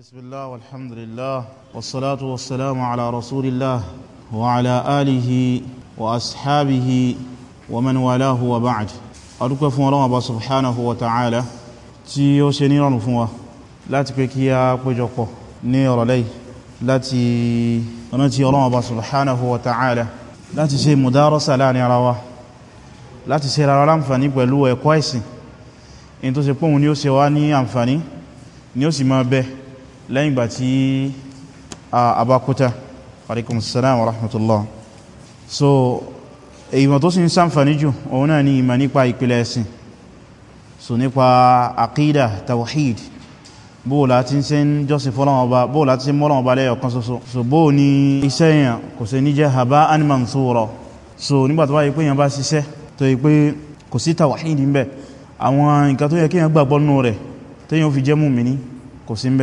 بسم الله والحمد لله والصلاة والسلام على رسول الله وعلى آله وأصحابه ومن والاه وبعد أدوك فون الله سبحانه وتعالى tí ó ṣe níranù fún wa láti pé kí a péjọpọ̀ ní ọ̀rọ̀lẹ́ láti rántí Ọlọ́run Ọba subhanahu wa ta'ala láti ṣe mùdárọ́sà láàrin ara wa láti ṣe rárá láǹfàní pẹ̀lú ẹ̀kọ́ ẹ̀sìn in tó ṣe pọ́hun ni ó ṣe wá ní àǹfàní ni ó sì máa bẹ́ẹ̀ lẹ́yìn gbà tí àbákúta alaikum salam wa rahmatullah so ìmọ̀ tó sì ń ṣàǹfààní jù òun náà ni ìmọ̀ nípa ìpìlẹ̀ ẹ̀sìn so nípa àkídà tawhid bóò láti ṣe ń jọ́sìn fọ́lọ́wọ́ba bóò láti ṣe àwọn nǹkan tó yẹ kí èèyàn gbàgbọ́ nù rẹ̀ téèyàn fi jẹ́ mùmíní kò sí ń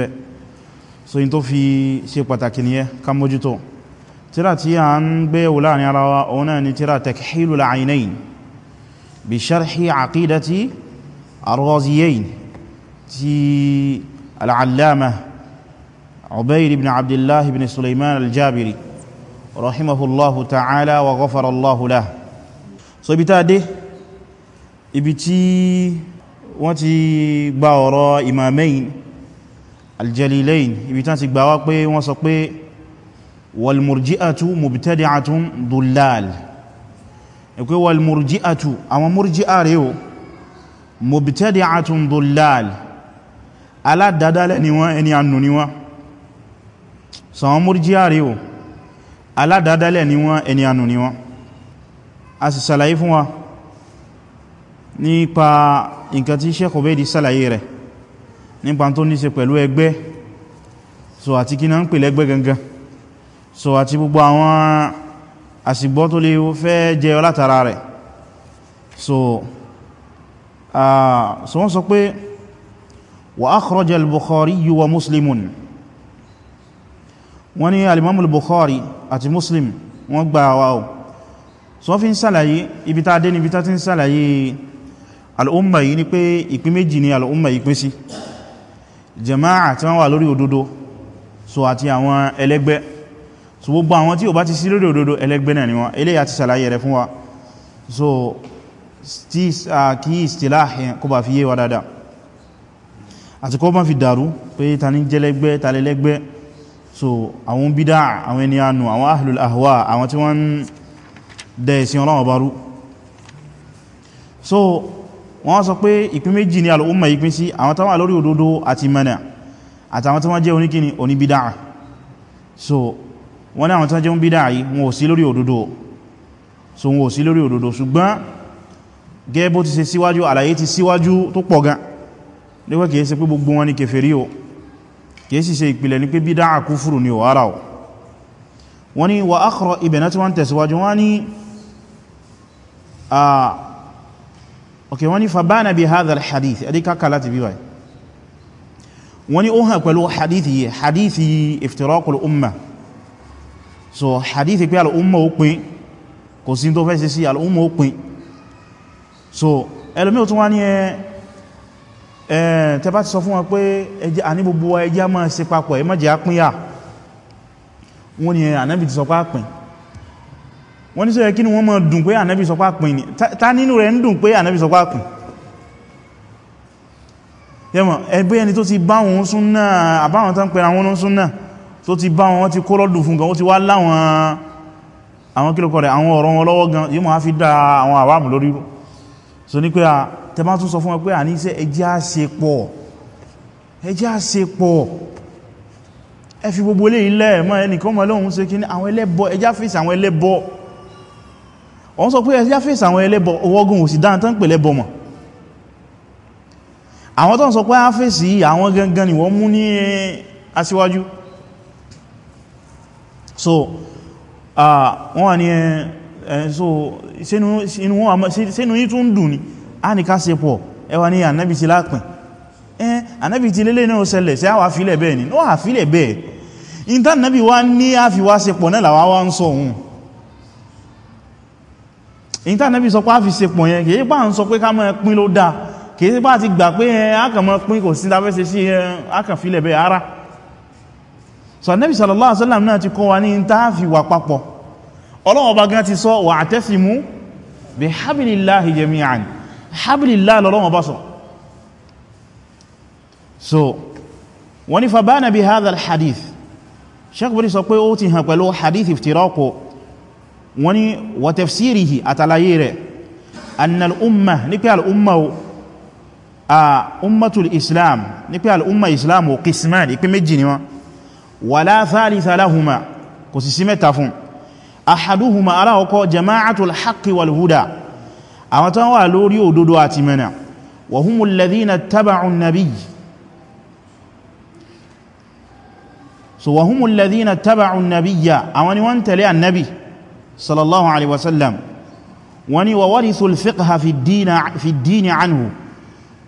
so yin tó fi ṣe pàtàkì ní ẹ ká mójútó tíra tí a ń gbé wò láàrin ara wa òun náà ni tíra takhilul aynayn bí sharhi aqidati ar-raziyayn ti al'allama ubayr ibn abdullahi ibn sulaiman al-jabiri rahimahullahu ta'ala wa ghafara allahu lah so ibi ta dé ibi tí wọ́n ti gba ọ̀rọ̀ imamain aljalilain ibi tán ti gbáwá pé wọ́n sọ pé walmurji'atu mubtadi'atun dullal ẹ̀kwẹ́ walmurji'atu àwọn murji'a rẹ̀ o mubtadi'atun dullal aládádálẹ̀ ni wọ́n ẹni annu ni wọ́n sọ̀wọ́n murji'a rẹ̀ o aládádálẹ̀ ni wọ́n ẹni annu ni wọ́n a sì sàlàyé fún wa nípa nǹkan tí Sheikh Ubaydi sàlàyé nípa tó ní ṣe pẹ̀lú ẹgbẹ́ so àti kí náà ń pè lẹ́gbẹ́ gangan so àti gbogbo àwọn àsìgbọ́ tó lè fẹ́ jẹ látara rẹ̀ so so wọ́n sọ pé wa akhraja al-Bukhari wa muslimun wọ́n ní al-Imam àti muslim wọ́n gbà wá o so fi ń sàlàyé ibi tá dé níbi ti ń sàlàyé al yìí ni pé ìpín méjì ni al yìí pín sí si jama'a tí wọ́n wà lórí òdodo so àti àwọn ẹlẹ́gbẹ́ so gbogbo àwọn tí ó bá ti sí lórí òdodo ẹlẹ́gbẹ́ náà ni wọ́n eléyà ti sàlàyé rẹ̀ fún wa so tí a kí ìstìláhìn kó bá fi yé wa dáadáa àti kó bá fi dàrú pé ta ní so wọ́n sọ pé ìpín méjì ní al'umma ìpín sí àwọn tó wà lórí òdodo àti mẹ́nà àtàwọn tó wọ́n jẹ́ oníkíni oníbídáà so wọ́n ní àwọn tó jẹ́ ń bídáà yìí wọn ò sí lórí òdodo so wọn ò sí lórí òdodo ṣùgbọ́n gẹ́gẹ́ ti ṣe síwájú àlàyé ti síwájú tó pọ̀ gan ok wọ́n ni fàbánà bí hadhal hadith ẹdí kákà láti bí wáyé wọ́n ni ó hàn pẹ̀lú hadith yìí hadith yìí iftiraqul umma so hadith pé al'umma ó pín kò sí tó fẹ́ sí sí al'umma ó pín so ẹlòmí ò tún wá ẹ tẹbá ti sọ fún wọn pé ẹjẹ́ àní gbogbo ẹjẹ́ máa ṣe papọ̀ ẹ má jẹ́ àpínyà wọ́n ni ànábì wọ́n ní sẹ́yẹ kí ni wọ́n mọ́ dùn pé ànábì sọ pá pín ní ta nínú rẹ̀ ń dùn pé ànábì sọ pá pín yẹmọ̀ ẹgbẹ́ ẹni tó ti bá wọn súnnà àbáwọn tán pẹ̀lú àwọn súnnà tó ti bá wọn ti kórọ́dù fún gan ó ti wá láwọn àwọn kílòkọ̀ rẹ̀ àwọn ọ̀rọ̀ wọn lọ́wọ́ gan yíò mọ̀ á fi dá àwọn ẹ fi gbogbo ilé ilẹ̀ mọ́ ẹnìkan mọ́ lóhun ṣe kí ní àwọn ẹlẹ́bọ ẹjá fèsì àwọn ẹlẹ́bọ wọ́n sọ pé ẹ̀yà fèsì àwọn ẹlẹ́bọ ọwọ́gùn òsì dántán pè lẹ́bọ mọ̀ àwọn tó ń sọ pé a fèsì àwọn gangan ni wọ́n mú ní aṣíwájú so wọ́n wà ní so sínú yí tún dùn ní a ní ká ṣe pọ̀ ẹwà ní ànábì ti lápìn ẹn ànábì ti lélẹ́ náà ṣẹlẹ̀ sí àwà fílẹ̀ bẹ́ẹ̀ ni náà àfílẹ̀ bẹ́ẹ̀ in ta nẹ́bí sọ pé a fi ṣe pọ̀ yẹn kìí bá ń sọ pé ká mọ́ pín ló dáa kìí bá ti gbà pé a kàn mọ́ pín kò sí ta sí a kàn fi lẹ̀bẹ̀ ara so nẹ́bí sallallahu alaihi wasallam náà ti kọ́ wa ní in ta fi wà papọ̀ Ọlọ́hun Ọba gan ti sọ wa'tasimu bi so wọ́n ni fabana bi hadha al-hadith sheikh bori sọ wọ́n ni wa tafsirihi àtàlàyé rẹ̀ annal umma ní pé al'umma a ummatul islam ní pé al'umma islam o qisman ìpín méjì ni wọ́n wala thalitha lahuma kò sì sí mẹ́ta fún ahaduhuma aláhọ́kọ́ jama'atul haqqi wal huda àwọn tán wà lórí òdodo àti mẹ́nà wa humul ladhina taba'u nabiy so wa humul ladhina taba'u nabiyya àwọn ni wọ́n tẹ̀lé annabi sallallahu alaihi wasallam wọ́n ní wa warithul fiqha fi dini anhu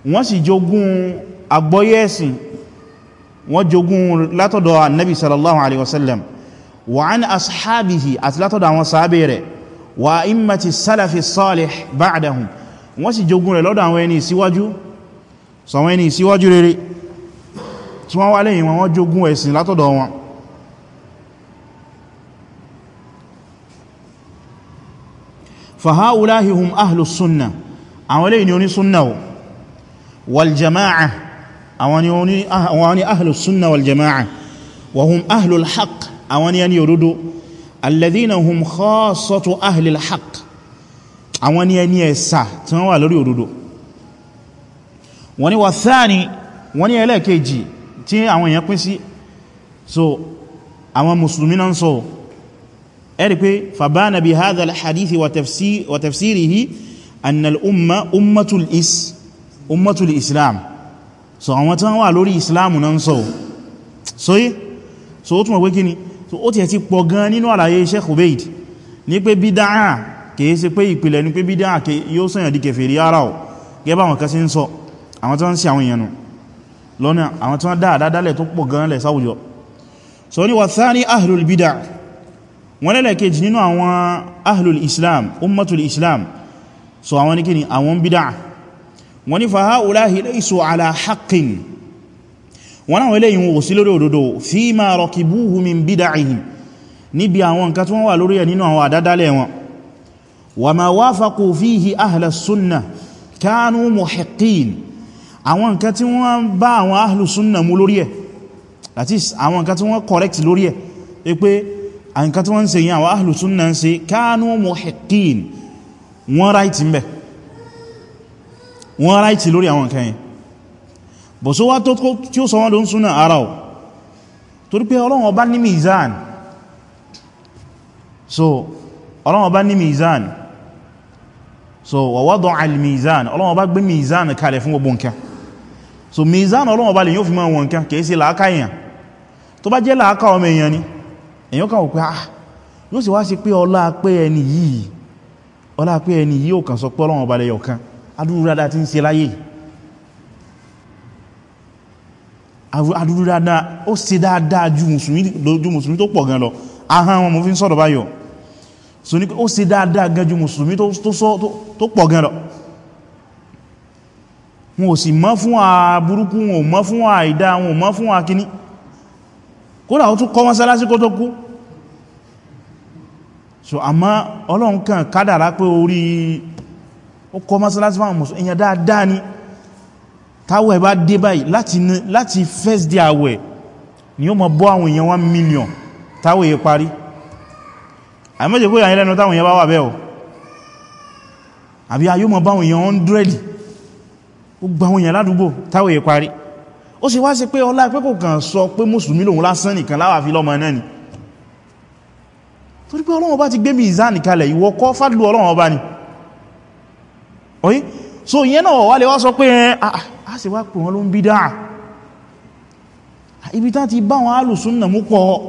wọ́n sì jogún agbóyẹ́sìn wọ́n jogún látọ̀dọ̀ annabi sallallahu alaihi wasallam wa an ashabihi àti látọ̀dọ̀ àwọn sàábẹ̀ rẹ̀ wa immati salafi salih ba'dahum wọ́n sì jogún rẹ̀ lọ́dọ̀ àwọn ẹni síwájú sọ àwọn ẹni síwájú rere tí wọ́n wá lẹ́yìn wọn wọ́n ẹ̀sìn látọ̀dọ̀ wọn فهؤلاء هم أهل السنة أولين يوني سنة والجماعة أولين أهل السنة والجماعة وهم أهل الحق أولين يردوا الذين هم خاصة أهل الحق أولين يسا تنوى لري يردوا wọ́n ni wà sáàni wọ́n ni ẹlẹ́ẹ̀kejì tí àwọn èèyàn pín sí so àwọn musulmi náà ń sọ ẹ̀rí pé fàbánà bí hadha al-hadithi wa tafsirihi annal umma ummatul is ummatul islam so àwọn tán wà lórí islam náà sọ so yí so ó túnmọ̀ pé kí ni so ó ti ẹ̀ ti pọ̀ gan nínú àlàyé Sheikh Ubaid ní pé bídáà kìí ṣe pé ìpìlẹ̀ ní pé bídáà yóò sọ́yàn di kèfèrí ara ọ̀ gẹ́bà àwọn kan ń sọ àwọn tán sí àwọn èèyàn lọ́nà àwọn tán dáadáa dálẹ̀ tó pọ̀ gan lẹ̀ sáwùjọ so ní wà thani ahlul bídáà wọ́n lẹ́lẹ̀kejì nínú àwọn ahlul islam ummatul islam so àwọn ní kíni àwọn bídá wọ́n ní fa ha'ulahi laysu ala haqqin wọ́n náà wọ́n lẹ́yìn wọ́n sí lórí òdodo fi ma rakibuhu min bida'ihim níbi àwọn nǹkan tí wọ́n wà lórí ẹ̀ nínú àwọn àdádálẹ̀ wọn wa ma wafaqu fihi ahla sunna kanu muhiqqin àwọn nǹkan tí wọ́n bá àwọn ahlu sunna mú lórí ẹ̀ that àwọn nǹkan tí wọ́n correct lórí ẹ̀ pé nǹkan tí wọ́n ń ṣe yí àwọn ahlu sunna ń ṣe kánú muhiqqin wọ́n ráìtì ń bẹ̀ wọ́n ráìtì lórí àwọn nǹkan yẹn bọ̀ só wá tó tí ó sọ wọ́n ló ń súnà ara ọ̀ torí pé Ọlọ́run ọba ní mizan so Ọlọ́run ọba ní so wa wada'a al-mizan Ọlọ́run ọba gbé mizan kalẹ̀ so mizan Ọlọ́run ọba lè yóò fi máa wọn nǹkan kìí tó bá jẹ́ làákà ọmọ èèyàn ni èyàn kan wò pé ah yóò sì wá sí pé ọlá pé ẹni yìí ọlá pé ẹni yìí ò kàn sọ pé Ọlọ́run ọba lẹ́yọ̀ kan adúrú dáadáa ti ń ṣe láyé adúrú dáadáa ó ṣe dáadáa ju mùsùlùmí tó pọ̀ gan lọ ahán wọn mo fi ń sọ̀rọ̀ báyọ̀ so ní pé ó ṣe dáadáa gan ju mùsùlùmí tó pọ̀ gan lọ wọn ò sì mọ́ fún àburúkú wọn ò mọ́ fún àìdá wọn ò mọ́ fún àkíní kódà ó tún kọ́ mọ́sálásí kó tó kú so àmọ́ ọlọ́run kan kádàrá pé orí ó kọ́ mọ́sálásí fáwọn mùsùlùmí èyàn dáadáa ni táwẹ̀ bá dé báyìí láti first day àwẹ̀ ni ó mọ̀ bọ́ àwọn èèyàn 1 million táwẹ̀ yẹ parí àmọ́jẹ́ pé àyẹ́ lẹ́nu táwọn èèyàn bá wà bẹ́ẹ̀ o àbí ayó mọ̀ báwọn èèyàn 100 gbogbo àwọn èèyàn ládùúgbò táwẹ̀ yẹ parí ó sì wá sí pé ọlá pé kò kàn sọ pé mùsùlùmí lòun lásán nìkan láwà lọ́mọ náà ni torí pé ọlọ́wọ́ bá ti gbé mìzánì kalẹ̀ ìwọ kọ́ fàdùlù ọlọ́wọ́ bá ni oye so ìyẹn náà wà lè wá sọ pé ah, ah, a sì wá pè wọn ló ń bí dáa ah, ibi tá ti bá wọn alùsùn nà mú pọ̀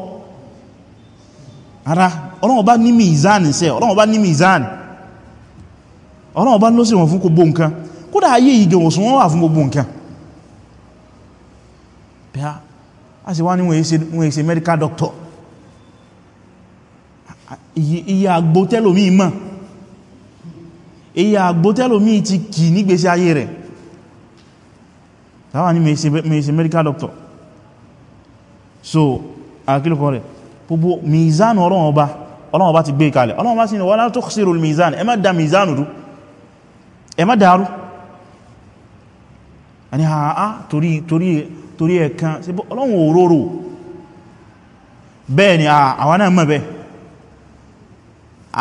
ara ọlọ́wọ́ bá ní mìzánì sẹ́ ọlọ́wọ́ bá ní mìzánì ọlọ́wọ́ a sì wá ní wọ́n èsè medical doctor iye àgbótẹ́lòmí mọ̀ iye àgbótẹ́lòmí ti kì nígbésí ayé rẹ̀ tàwà ní mẹ́sẹ̀ medical doctor so àkílùkọ́ rẹ̀ gbogbo mizan ọ̀rọ̀ ọba ọlọ́wọ́ bá ti gbé kalẹ̀ ọlọ́wọ́ bá sí ni wala tukhsirul mizan ẹ má da mizan rú ẹ má dàrú a ní ha ha torí torí ẹ̀kan sí ọlọ́run òróró bẹ́ẹ̀ ni àwọn náà mọ̀ bẹ́ẹ̀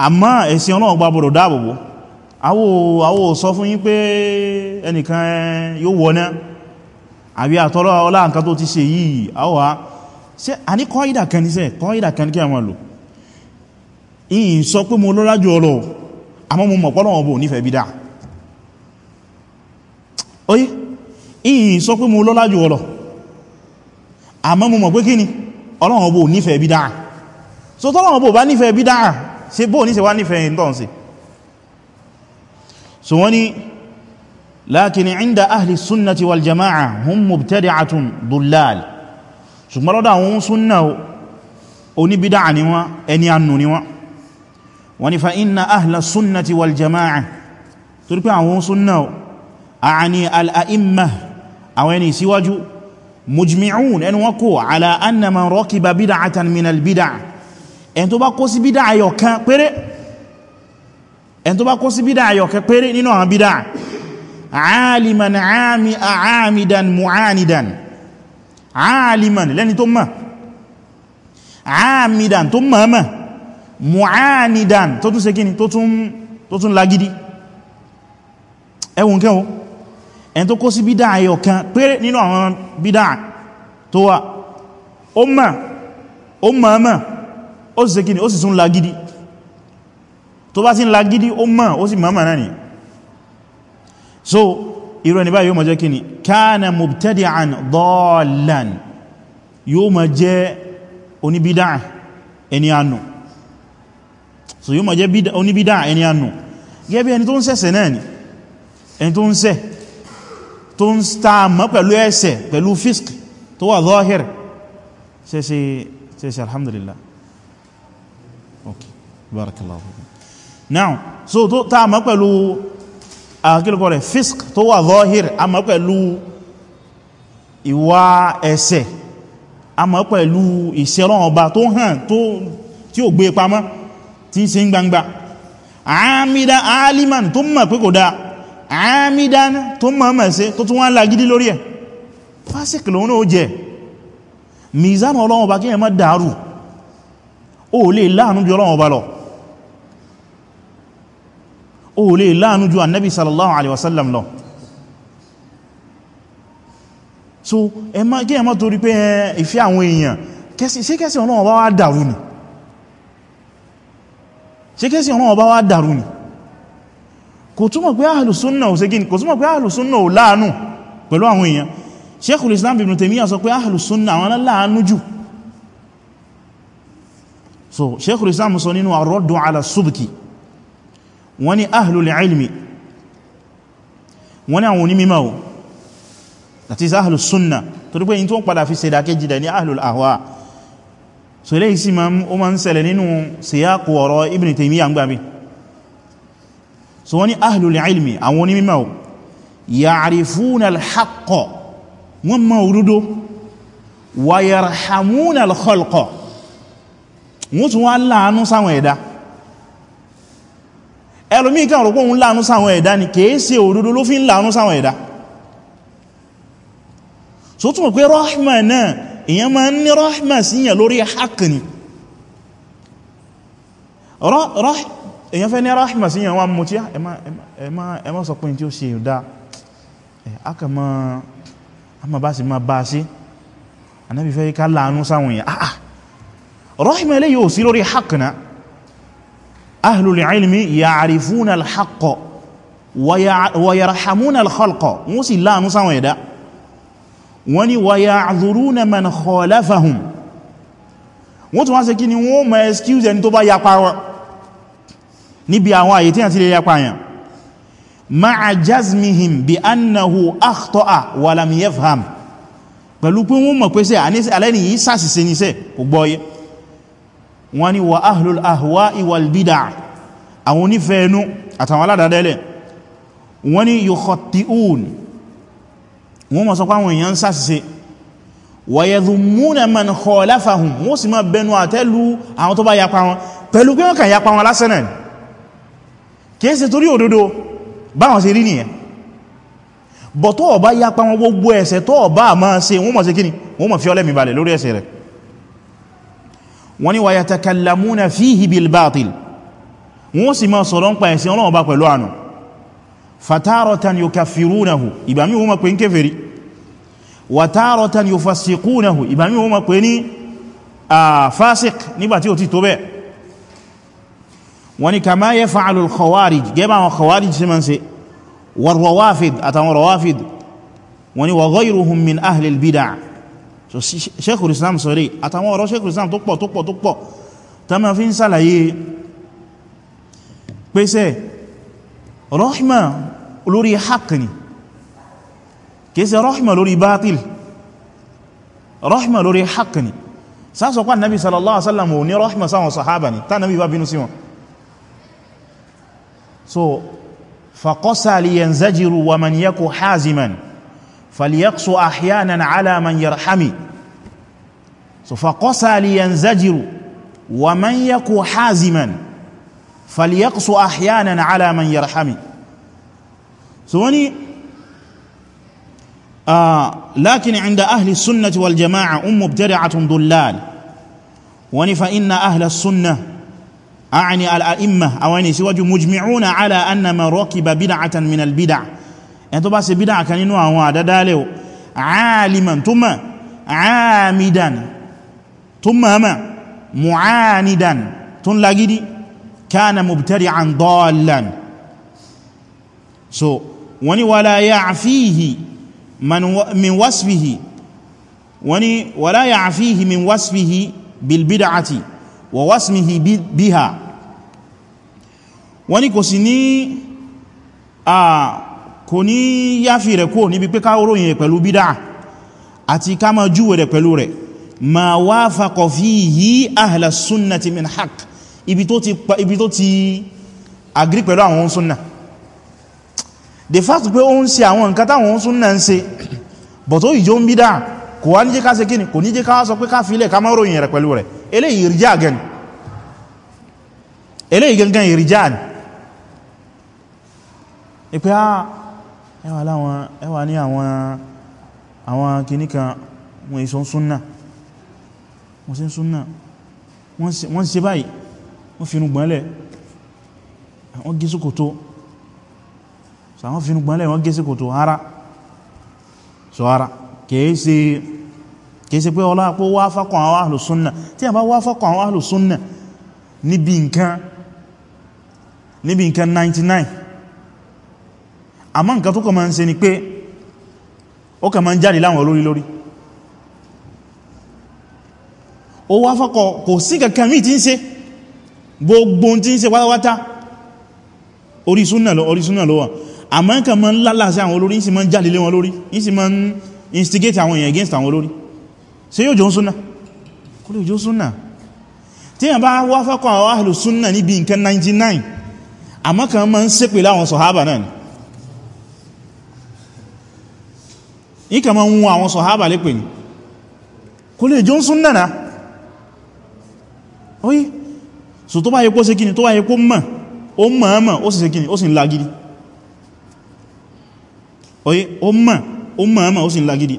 àmọ́ ẹ̀sìn ọlọ́run gba bọ̀rọ̀ dáàbòbò àwọ̀ sọ fún yín pé ẹnìkan eh, yóò wọ́ná àbí àtọ́lọ́ ọlá nǹkan tó ti ṣe yìí àwọ̀ ṣe a ní kọ́ ìdà kan ní sẹ́ kọ́ ìdà kan ní kí a máa lò ìyìn sọ pé mo lọ́lá jù ọlọ́ àmọ́ mo mọ̀ pọ́lọ́wọ́ bò nífẹ̀ẹ́ bídà oye ìyìn sọ pé mo lọ́lá jù ọlọ́ àmọ́ mo mọ̀ pé kí ni ọlọ́run ọbọ̀ nífẹ̀ẹ́ bídáà so tọ́lọ́run ọbọ̀ bá nífẹ̀ẹ́ bídáà ṣe bóò ní ṣe wá nífẹ̀ẹ́ ìntọ́n sí so wọ́n ni lakin inda ahli sunnati wal jama'a hum mubtadi'atun dullal ṣùgbọ́n lọ́dọ̀ àwọn súnnà oníbídáà ni wọ́n ẹni annu ni wọ́n wọ́n ni fa inna ahla sunnati wal jama'a torípé àwọn súnnà àní al-a'immah àwọn ẹni síwájú mujmi'un ẹnu wọn kò ala anna man rakiba bid'atan min al-bid'a ẹn tó bá kó sí bídá ayọ̀kan péré ẹn tó bá kó sí bídá ayọ̀kan péré nínú àwọn bídá aliman ami amidan mu'anidan aliman lẹ́ni tó mọ̀ amidan tó mọ̀ mọ̀ mu'anidan tó tún ṣe kíni tó tún lágídí ẹwùn kẹwọ́ ẹn tó kó sí bídá ayọ̀ kan péré nínú àwọn bídá tó wà ó mọ̀ ó mọ̀ mọ̀ ó sì sẹ́kìní ó sì tún lagidi tó bá sí lagidi ó mọ̀ ó sì mọ̀ náà ni so irú ẹni báyìí yóò mọ̀ jẹ́ kíni kana mubtadi'an dallan yóò mọ̀ jẹ́ oníbídá ẹni ànù so yóò mọ̀ jẹ́ oníbídá ẹni ànù gẹ́gẹ́ bí ẹni tó ń ṣẹ̀ṣẹ̀ náà ni ẹni tó ń ṣẹ̀ tó ń stamọ́ pẹ̀lú ẹsẹ̀ pẹ̀lú fisk tó wà zahir ṣeṣe alhamdulillah ok barakallahu now so tó tamọ́ pẹ̀lú àkílùkọ́ rẹ̀ fisk tó wà zahir a mọ́ pẹ̀lú ìwà ẹsẹ̀ a mọ́ pẹ̀lú ìṣẹ́rán ọba tó hàn tí ó gbé pamọ́ tí ń ṣe ń gbangba àmìdá aliman tó mọ̀ pé kò dáa àmìdán tó mọ̀mọ̀ sí tó tún wọ́n lágídí lórí ẹ̀ fásik lòun náà jẹ́ mìzánù ọlọ́run ọba kíyàn má dàrú o lè láàánú ju ọlọ́run ọba lọ o lè láàánú ju annabi sallallahu alaihi wasallam lọ so kíyàn má torí pé ìfẹ́ àwọn èèyàn ṣe kẹsì ọlọ́run ọba wá dàrú ni kò túmọ̀ pé ahlu sunna ò ségin kò túmọ̀ pé ahlu sunna ò láàánú pẹ̀lú àwọn èèyàn Sheikhul Islam Ibn Taymiyyah sọ pé ahlu sunna àwọn láàánú jù so Sheikhul Islam sọ nínú ar-raddu ala subki wọ́n ní ahlu al-ilmi wọ́n ní àwọn onímímọ̀ o that is ahlu sunna torí pé yìí tó ń so wọ́n ní ahlul ilmi àwọn onímọ̀ o ya'rifuna al-haqqa wọ́n mọ̀ òdodo wa yarhamuna al-khalqa wọ́n tún wá láàánú sáwọn ẹ̀dá ẹlòmí kan rò pé òun láàánú sáwọn ẹ̀dá ni kìí ṣe òdodo ló fi ń láàánú sáwọn ẹ̀dá èyàn fẹ́ ní rahma sí yàn wá mú tí ẹ má sọ pé tí ó ṣe ìdá akàmọ́ amàbásí ma bá sí anábi fẹ́ ká láàánú sáwọn èyàn àà ah, ah. rahma ilé yóò sí lórí hakna ahlul ilmi ya'rifuna al-haqqa wa yarhamuna al-khalqa wọ́n sì tún wá ṣe kí ni wọ́n ma excuse ẹni tó bá yapa wọn níbi àwọn àyè tí a ti lè yapa yàn ma'a jazmihim bi annahu akhta'a wa lam yafham pẹ̀lú pé wọ́n mọ̀ pé sẹ́ alẹ́ni yìí sàṣìṣe ní sẹ́ kò gbọ́yé wọ́n ni wa ahlul ahwa'i wal bid'ah àwọn onífẹ́ẹ̀nú àtàwọn aládàdẹ́lẹ̀ wọ́n ni yukhati'un wọ́n mọ̀ sọ wọ́n sì máa kìí ṣe torí òdodo báwọn ṣe rí nìyẹn bọ̀ tó ọba yapa wọn gbogbo ẹ̀ṣẹ̀ tó ọba máa ṣe wọ́n mọ̀ sí kíni wọ́n mọ̀ fi ọlẹ́mì balẹ̀ lórí ẹ̀ṣẹ̀ rẹ̀ wọ́n ni wa yatakallamuna fihi bil batil wọ́n sì máa sọ̀rọ̀ ń bá ti wọ́n ni kama yaf'alu al-khawarij gẹ́bà àwọn khawarij sí mọ́n sí warrawafid àtàwọn rawafid wọ́n ni wa ghayruhum min ahli al-bid'ah so sheikhul islam sọ̀rẹ̀ àtàwọn ọ̀rọ̀ sheikhul islam tó pọ̀ tó pọ̀ ta ma fi ń sàlàyé pèsè rahma lórí haqq ni kèsè rahma lórí batil rahma lórí haqq ni sásọ̀kwá nabi sallallahu alaihi wasallam ò ní rahma sáwọn sahaba ni ta nabi bá bínú sí wọn so فقسى لينزجر ومن يك حازما فليقسو احيانا على من يرحم so فقسى لينزجر ومن يك حازما فليقسو احيانا على من يرحم so وني آه لكن عند اهل السنه والجماعه ام مبتدعه ضلال وني فان اهل السنه àní al'imma àwọn ni síwájú mujmi'una ala anna man rakiba bid'atan min al-bid'a ẹn tó bá ṣe bid'a kan nínú àwọn àdádálẹ̀ aliman tó ma amidan tó ma ma mu'anidan tó lagidi kana mubtadi'an dallan so wani wala ya'fihi min wasfihi wani wala ya'fihi min wasfihi bil wa wasmihi biha wọ́n ní kò sí ní à kò ní yáfi rẹ̀ kó níbi pé káwòrò yẹn pẹ̀lú bídá àti ká máa júwẹ̀ rẹ̀ pẹ̀lú rẹ̀ ma wafaqa fihi ahla sunnati min hak ibi tó ti ibi tó ti agri pẹ̀lú àwọn súnnà the fact pé ó ń ṣe àwọn nǹkan táwọn súnnà ń ṣe but ó ìjó ń bídá kò wá ní jẹ́ ká ṣe kíni kò ní jẹ́ ká sọ pé ká filẹ̀ ká máa ròyìn rẹ̀ pẹ̀lú rẹ̀ eléyìí ìrìjá gan eléyìí gangan ìrìjá ni ìpé á ah, ẹwà láwọn ẹwà ní àwọn àwọn kìníkà wọn èso súnnà wọ́n sí súnnà wọ́n sí báyìí wọ́n fi nùgbọ́nlẹ̀ wọ́n gé síkòtò sàwọn fi nùgbọ́nlẹ̀ wọ́n gé síkòtò ara sọ ara kìí sí kìí ṣe pé ọlá pó wá fákọ̀ àwọn ahlùsúnnà tí a bá wá fákọ̀ àwọn ahlùsúnnà níbi nǹkan níbi nǹkan 99 àmọ́ nǹkan tó kọ̀ ma ń ṣe ni pé ó kà ma ń jáde láwọn olórí lórí ó wá fákọ̀ kò sí kankan mí tí ń ṣe gbogbo tí ń ṣe wátawátá orí súnnà lọ orí súnnà lọ àmọ́ nǹkan ma ń lálàá sí àwọn olórí ń sì ma ń jáde lé wọn lórí ń sì ma ń instigate àwọn èèyàn against àwọn olórí ṣé yóò jọ ń súnà kò lè jọ súnà tí yàn bá wá fọ́kàn àwọn ahìlù súnà níbi nǹkan 99 àmọ́ kan máa ń ṣépè láwọn sọ̀hábà náà ní kà máa ń wọn àwọn sọ̀hábà lépè ní kò lè jọ ń súnà náà oye so tó bá yẹ kó ṣe kíni tó bá yẹ kó mọ̀ ó mọ̀ mọ̀ ó sì ṣe kíni ó sì ń lagidi oye ó mọ̀ ó mọ̀ mọ̀ ó sì ń lagidi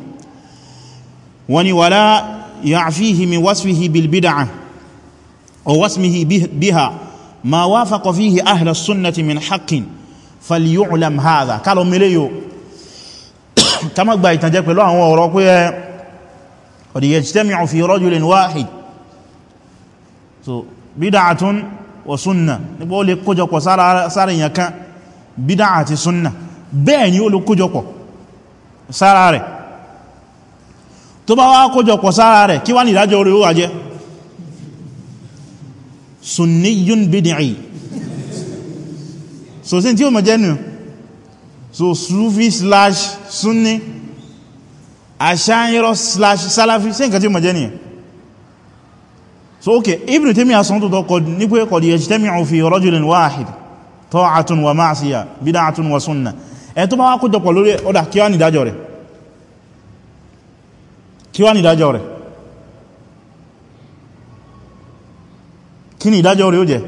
wọ́n ni wàlá ya'fihi min wasfihi bil bid'ah aw wasmihi biha ma wafaqa fihi ahla sunnati min haqqin falyu'lam hadha kálọ̀ mílẹ̀ yóò ká má gba ìtànjẹ pẹ̀lú àwọn ọ̀rọ̀ pé eh, qad yajtami'u fi rajulin wahid so bid'atun wa sunna nígbà ó lè kójọpọ̀ sára èèyàn kan bid'a sunna bẹ́ẹ̀ ni ó lè kójọpọ̀ sára rẹ̀ tó bá wá kójọpọ̀ sára rẹ̀ kí wá ní ìdájọ́ orí ó wà jẹ́ sunniyun bid'i so sí tí ó mọ̀ jẹ́ nù so sufi slash sunni ashayiro slash salafi sí nǹkan tí ó mọ̀ jẹ́ nì so ok Ibn Taymiyyah sọ́n tó tọ́ ní pé qad yajtami'u fi rajulin wahid ta'atun wa ma'siyah bid'atun wa sunnah ẹ̀ tó bá wá kójọpọ̀ lórí ọdá kí wá ní ìdájọ́ rẹ̀ kí wá ní ìdájọ́ rẹ̀ kí ní ìdájọ́ rẹ̀ ó jẹ́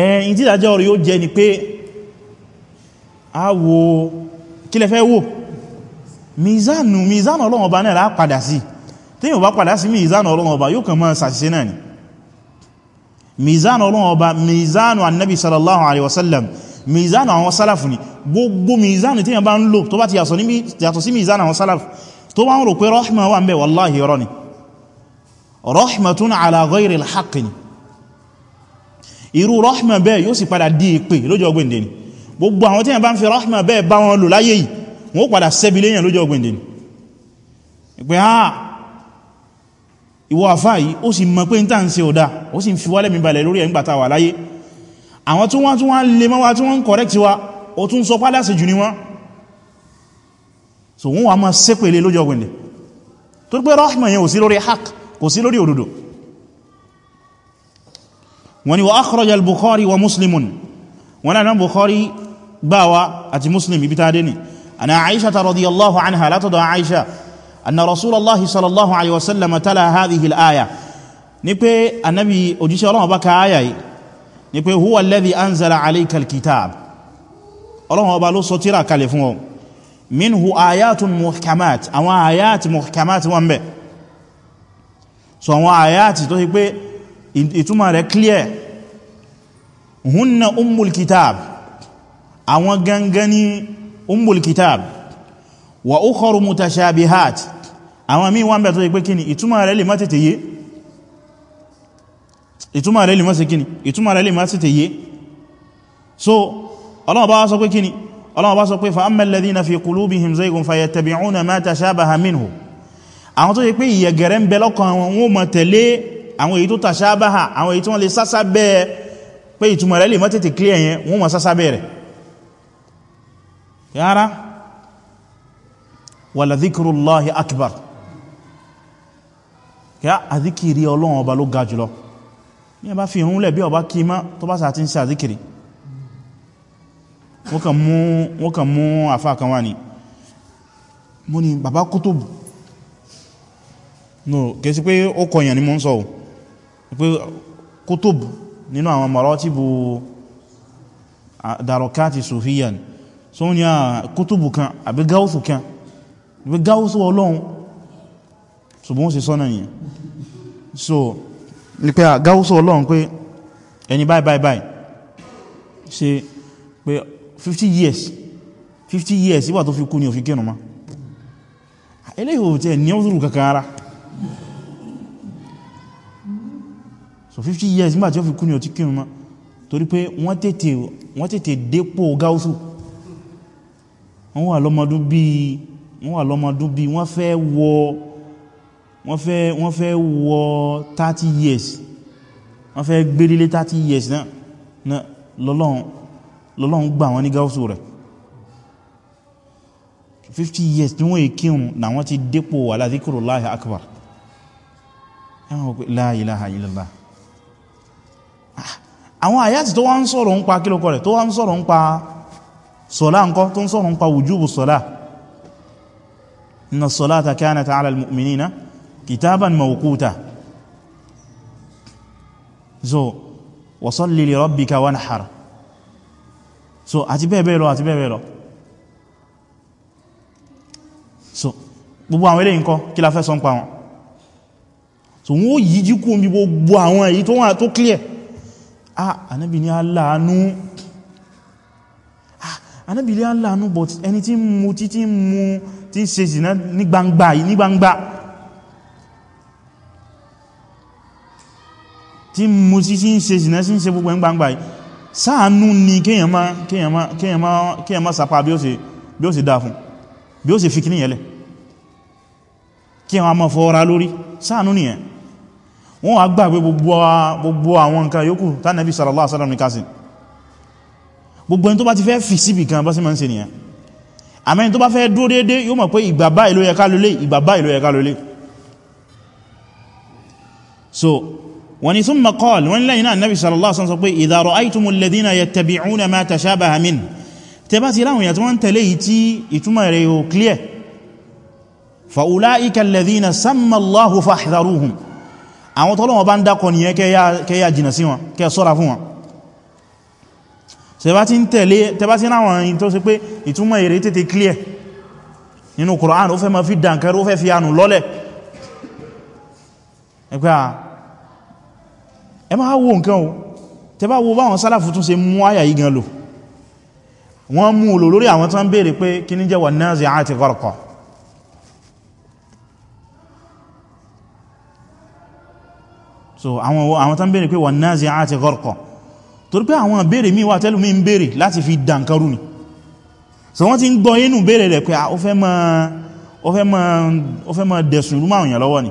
ẹ̀yìn tí ìdájọ́ rẹ̀ ó jẹ́ ni pé a wo kí lẹ fẹ́ wò mizanu mizanu ọlọ́run ọba náà lá padà sí tí yíò bá padà sí mizanu ọlọ́run ọba yóò kàn máa ṣàṣìṣe náà ni mizanu ọlọ́run ọba annabi sallallahu alaihi wasallam mizanu àwọn sálàfù ni gbogbo mizanu tí yíò bá ń lò tó bá ti yàtọ̀ sí mizanu àwọn sálàfù tó wá ń rò pé rahma wà ń bẹ wallahi irọ́ ni rahmatun ala ghayri al-haqq ni irú rahma bẹ́ẹ̀ yóò sì padà di ìpè lọ́jọ́ ọgbẹ̀ndẹ̀ ni gbogbo àwọn tí wọ́n bá ń fi rahma bẹ́ẹ̀ bá wọn lò láyé yìí wọ́n padà sẹ́bi léyàn lọ́jọ́ ọgbẹ̀ndẹ̀ ni ìpé ha ìwọ àfá yìí ó sì mọ̀ pé ń tàn so wọ́n wà máa sépèlé lójọ́ gbìndì tó pé rahma yẹn ò sí lórí haq kò sí lórí òdodo wọ́n ni wa akhraja al-bukhari wa muslimun wọ́n náà bukhari gbáwa àti muslim ibi tàdé ni ana aisha ta radiyallahu anha látọ̀dọ̀ aisha anna rasulallahi sallallahu alaihi wasallam tala hadhihi al-aya ni pé annabi òjíṣẹ́ ọlọ́wọ́ bá ka aya yìí ni pé huwa alladhi anzala alayka al-kitab ọlọ́wọ́ bá ló sọ tírà kalẹ̀ fún ọ minhu ayatun muhkamat àwọn ayati muhkamat wọ́n bẹ̀ so àwọn ayati tó sì pé ìtumọ̀ rẹ̀ clear hunna ummul kitab àwọn gangani ummul kitab wa ukharu mutashabihat àwọn míì wọ́n bẹ̀ tó sì pé kíni ìtumọ̀ rẹ̀ lè má tètè yé ìtumọ̀ rẹ̀ lè má ṣe kíni ìtumọ̀ rẹ̀ lè má tètè yé so Allah bá wá sọ pé ọlọ́wọ́ bá sọ pé fa amma alladhina fi qulubihim zaygun fayattabi'una ma tashabaha minhu àwọn tó yẹ pé ìyẹ̀gẹ̀rẹ́ ń bẹ lọ́kàn wọn wọ́n mọ̀ tẹ̀lé àwọn èyí tó tashabaha àwọn èyí tí wọ́n lè sásá bẹ́ẹ̀ pé ìtumọ̀ rẹ̀ lè mọ́ tètè clear yẹn wọ́n mọ̀ sásá bẹ́ẹ̀ rẹ̀ yára wọ́n kàn mú àfá kan wá ní mo ni bàbá kútòbù no kẹsí pé ó kọ̀yàn ní mọ́ ń sọ pé kútòbù nínú àwọn maratibu darokati sufiyan so ní à kútòbù kan àbí gáúsù kan àbí gáúsù ọlọ́run ṣùgbọ́n sì sọ́nà yìí so ní pé gáúsù ọlọ́run pé ẹni báyìí báyìí báyìí ṣe pé 50 years 50 years ìwà tó fi kú ní òfin kírùn ma eléyìí ò tẹ́ ní ọ́dúrù kankan ara so 50 years nígbàtí ó fi kú ní òtí kírùn ma torí pé wọ́n tètè wọ́n tètè dépò gáúsù wọ́n wà lọ́mọdún bí wọ́n wà lọ́mọdún bí wọ́n fẹ́ wọ wọ́n fẹ́ wọ́n fẹ́ wọ 30 years wọ́n fẹ́ gbérílé 30 years náà lọ́lọ́run lọ́lọ́run gbà wọn ní gáúsù rẹ̀ 50 years tí wọ́n èkíhùn na wọ́n ti dépò ala zikrullahi akbar ẹwọ́n pẹ̀ la ilaha illallah àwọn àyàtì tó wá ń sọ̀rọ̀ ń pa kílòkọ̀ rẹ̀ tó wá ń sọ̀rọ̀ ń pa sọ̀lá ńkọ́ tó ń sọ̀rọ̀ ń pa wujubu sọ̀lá inna as-salata kanat ala al-mu'minina kitaban mawquta so wa salli li rabbika wanhar so àti bẹ́ẹ̀ bẹ́ẹ̀ lọ àti bẹ́ẹ̀ bẹ́ẹ̀ lọ so gbogbo àwọn eléyìí ńkọ́ kí la fẹ́ sọ ń pa wọn so wọ́n ó yí jíkú omi gbogbo àwọn èyí tó wọ́n tó clear ah anábì ní aláàánú ah anábì ní aláàánú but ẹni tí ń mu tí tí ń mu tí ń ṣe zìnà ní gbangba yìí ní gbangba tí ń mu tí tí ń ṣe zìnà ní gbangba yìí sáànú ni kíyàn má sapa bí ó sì dáa fún bí ó sì fi kíní yẹlẹ̀ kíyàn má fọ́ra lórí sáànú ni ẹ̀ wọ́n wá gbà pé gbogbo àwọn nǹkan yòókù tánàbí sallallahu alaihi wasallam ní kásìn gbogbo ẹni tó bá ti fẹ́ fi síbì kan bá sí ma ń ṣe nìyàn àmẹ́ni tó bá fẹ́ dúró déédé yóò mọ̀ pé ìgbà báyìí ló lólé ìgbà báyìí lólé so wani thumma qala wani lẹ́yìn náà nabi sallallahu alaihi wasallam sọ pé idha ra'aytumul ladhina yattabi'una ma tashabaha min tẹ bá ti láwọn èèyàn tí wọ́n ń tẹ̀lé yìí tí ìtumọ̀ rẹ̀ yóò clear fa ulaika alladhina samma Allahu àwọn tọ́lọ́wọ́ bá ń dákọ̀ nìyẹn kẹ́yà jìnà sí wọn kẹ́ sọ́ra fún wọn tẹbá ti ti náwọn yìí tó sì pé ìtumọ̀ èrè tètè clear nínú Qur'an ó fẹ́ ma fi dànkẹ́rú ó fẹ́ fi ànù lọ́lẹ̀ ẹgbẹ́ ẹ máa wo nǹkan o tẹ bá wo báwọn sálàfù tún ṣe mú àyà yìí gan lò wọ́n mú lò lórí àwọn tán béèrè pé kí ní jẹ́ wà nazi'ati gharqa so àwọn tán béèrè pé wà nazi'ati gharqa torí pé àwọn béèrè míì wà tẹ́lù mí ń béèrè láti fi dànkarú ni so wọ́n ti ń gbọ́ inú béèrè rẹ̀ pé ah, ó fẹ́ máa dẹ̀sùn ìrúmọ̀ lọ́wọ́ ni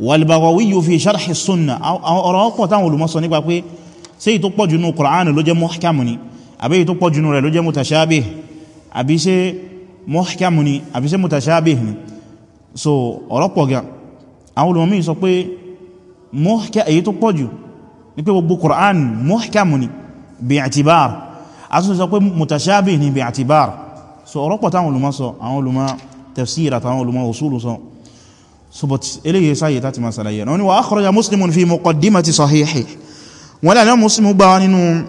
walbagawiyu fi sharhi sunna ọ̀rọ̀ ọ̀pọ̀ táwọn olùmọ́sọ nípa pé ṣé èyí tó pọ̀ jù nú Qur'an ló jẹ́ muhkam ni àbí èyí tó pọ̀ jù nú rẹ̀ ló jẹ́ mutashabih àbí ṣé muhkam ni àbí ṣé mutashabih ni so ọ̀rọ̀ pọ̀ gan àwọn olùmọ̀ míì sọ pé muhkam èyí tó pọ̀ jù ní pé gbogbo Qur'an muhkam so ọ̀rọ̀ pọ̀ táwọn olùmọ̀ sọ àwọn olùmọ̀ tafsir àtàwọn so but eléyìí sáyé tàti ma sàlàyé wọn ni wà akhraja muslimun fi muqaddimati sahihi wọn lẹ́nà muslimu gbá wọn nínú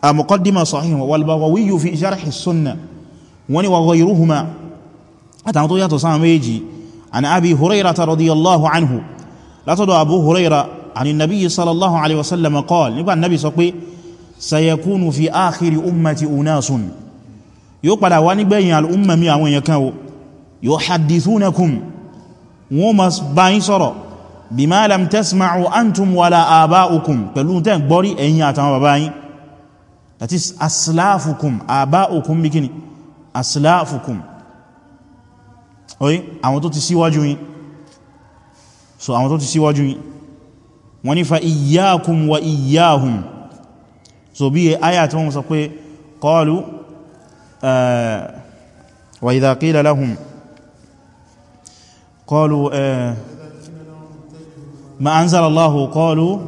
a muqaddima sahihi wal-Baghawi fi sharhi sunna wọn ni wa ghayruhuma àtàwọn tó yàtọ̀ sáà méjì an abi huraira ta radiyallahu anhu látọ̀dọ̀ abu huraira an nabi sallallahu alaihi wasallam qala nígbà nabi sọ pé sayakunu fi akhiri ummati unasun yóò padà wá nígbẹ̀yìn al'umma mi àwọn èèyàn kan wo yuhaddithunakum wọ́n ma bá yín sọ̀rọ̀ bima lam tasma'u antum wala aba'ukum pẹ̀lú tẹ́ gbọ́rí ẹ̀yin àtàwọn bàbá yín that is aslafukum aba'ukum bikini aslafukum oye àwọn tó ti síwájú yín so àwọn tó ti síwájú yín wọ́n ní fa iyyakum wa iyyahum so bí i ayà tí wọ́n sọ pé qalu eh, wa idha qila lahum قالوا ما أنزل الله قالوا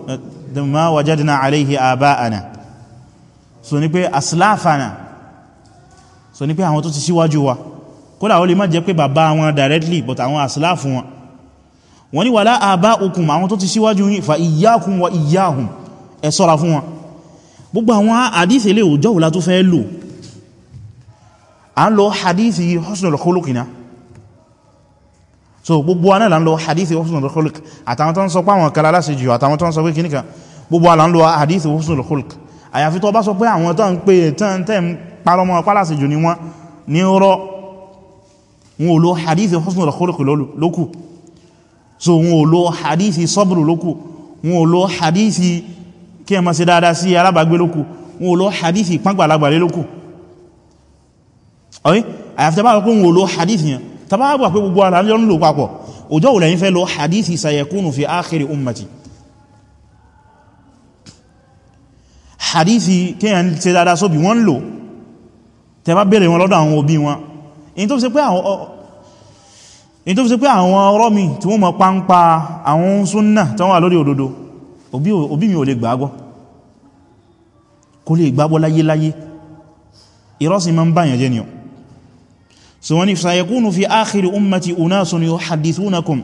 ما وجدنا عليه آباءنا so ní pé aslafana so ní pé àwọn tó ti síwájú wa kódà ó lè má jẹ́ pé bàbá wọn directly but àwọn aslafu wọn wọ́n ní wala aba'ukum àwọn tó ti síwájú yín fa iyyakum wa iyyahum ẹ ṣọ́ra fún wọn gbogbo àwọn hadith ilé òjò òlà tó fẹ́ lò à ń lọ hadith husnul khuluqina so gbogbo aná là ń lọ hadithi husnul khuluq àtàwọn tó ń sọ pé àwọn kan aláṣẹ jù àtàwọn tó ń sọ pé kìníkà gbogbo alá ń lọ hadithi husnul khuluq àyàfi tó bá sọ pé àwọn tó ń pè tán tẹ́ ń parọmọ pálàṣẹ jù ní wọ́n ní rọ wọn ò lọ hadithi husnul khuluq lókù so wọn ò lọ hadithi sabru lókù wọn ò lọ hadithi kí ẹ ma ṣe dáadáa sí alábàgbé lókù wọn ò lọ hadithi pàgbàlagbà lé lókù àyàfi tó bá sọ pé wọn ò lọ hadithi yẹn tàbá gbà pé gbogbo ara lọ́n lò papọ̀ òjò òlẹ̀yìn fẹ́ lọ hadithi sayekunu fi ákìrì ummati hadithi kíyàn ṣe dáadáa sóbi wọ́n lò tẹbá bèèrè wọn lọ́dọ̀ àwọn òbí wọn in tó fi ṣe pé àwọn ọ̀rọ̀ mi tí wọ́n mọ̀ pánpá àwọn súnnà tán wà lórí òdodo òbí mi ò lè gbàgbọ́ kò lè gbàgbọ́ láyé láyé ìrọ́sìn máa ń báyàn jẹ́ ni ọ̀ so wọ́n ni sayakunu fi akhiri ummati unasun yuhaddithunakum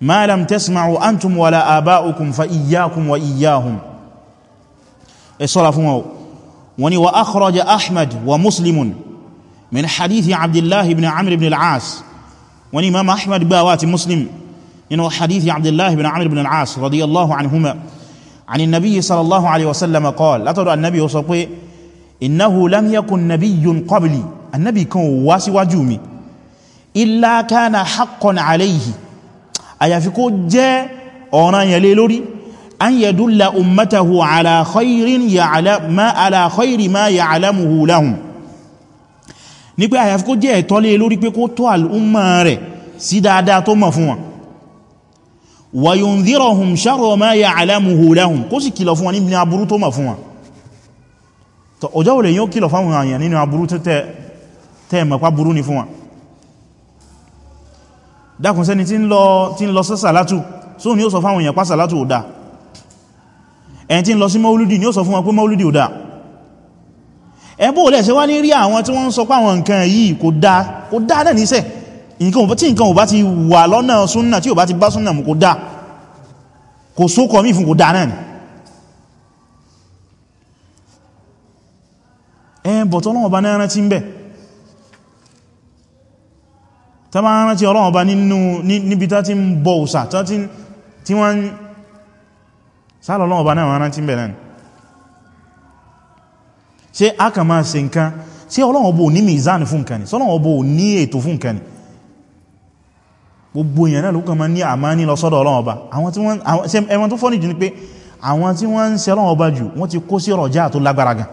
ma lam tasma'u antum wala aba'ukum fa iyyakum wa iyyahum ẹ ṣọ́ra fún wa wọ́n ni wa akhraja ahmad wa muslimun min hadithi abdullah ibn amr ibn al-as wọ́n ni imam ahmad gba wa ti muslim nínú hadithi abdullah ibn amr ibn al-as radiyallahu anhuma عن النبي صلى الله عليه وسلم قال لا ترى النبي وصفه innahu lam yakun nabiyyun qabli annabi kan wá síwájú mi illa kana haqqan alayhi àyàfi kó jẹ́ ọ̀ràn yẹn lé lórí an yadulla ummatahu ala khairin ya'lam ma ala khairi ma ya'lamuhu lahum ní pé àyàfi kó jẹ́ ẹ̀tọ́ lé lórí pé kó tọ́ al umma rẹ̀ sí dáadáa tó mọ̀ fún wọn wa yunzirahum sharra ma ya'lamuhu lahum kó sì kìlọ̀ fún wọn ní aburú tó mọ̀ fún wọn tọ ọjọ́ olè yóò kìlọ̀ fáwọn èèyàn nínú aburú tẹ́ mọ̀pá burú ni fún wa dákùn sẹ́ni tí ń lọ sí sàlátù só ni ó sọ fáwọn èèyàn pá sàlátù ò dá ẹni tí ń lọ sí maulidi ni ó sọ fún wọn pé maulidi ò dá ẹbó olè ṣe wá ní rí àwọn tí wọ́n ń sọ páwọn nǹkan yìí kò dá kò dá náà níṣẹ́ tí nǹkan ò bá ti wà lọ́nà súnnà tí ò bá ti bá súnnà mú kò dá kò sókọ̀ mí fún kò dá náà ni ẹn eh, bọ̀ tọ́lọ́wọ́ bá náà rántí ń bẹ̀ tá bá rántí ọlọ́wọ́ bá nínú níbi tá ti ń bọ̀ òsà tí wọ́n sáàlọ̀ ọlọ́wọ́ bá náà rántí ń bẹ̀ náà ṣe a kà máa ṣe nǹkan ṣe ọlọ́wọ́ bó ní mìzánì fún nǹkan ni sọ́lọ́wọ́ bó ní ètò fún nǹkan ni gbogbo èèyàn náà ló kàn máa ní àmání lọ sọ́dọ̀ ọlọ́wọ́ bá ẹwọ́n tó fọ́nìjì ni pé àwọn tí wọ́n ń ṣe ọlọ́wọ́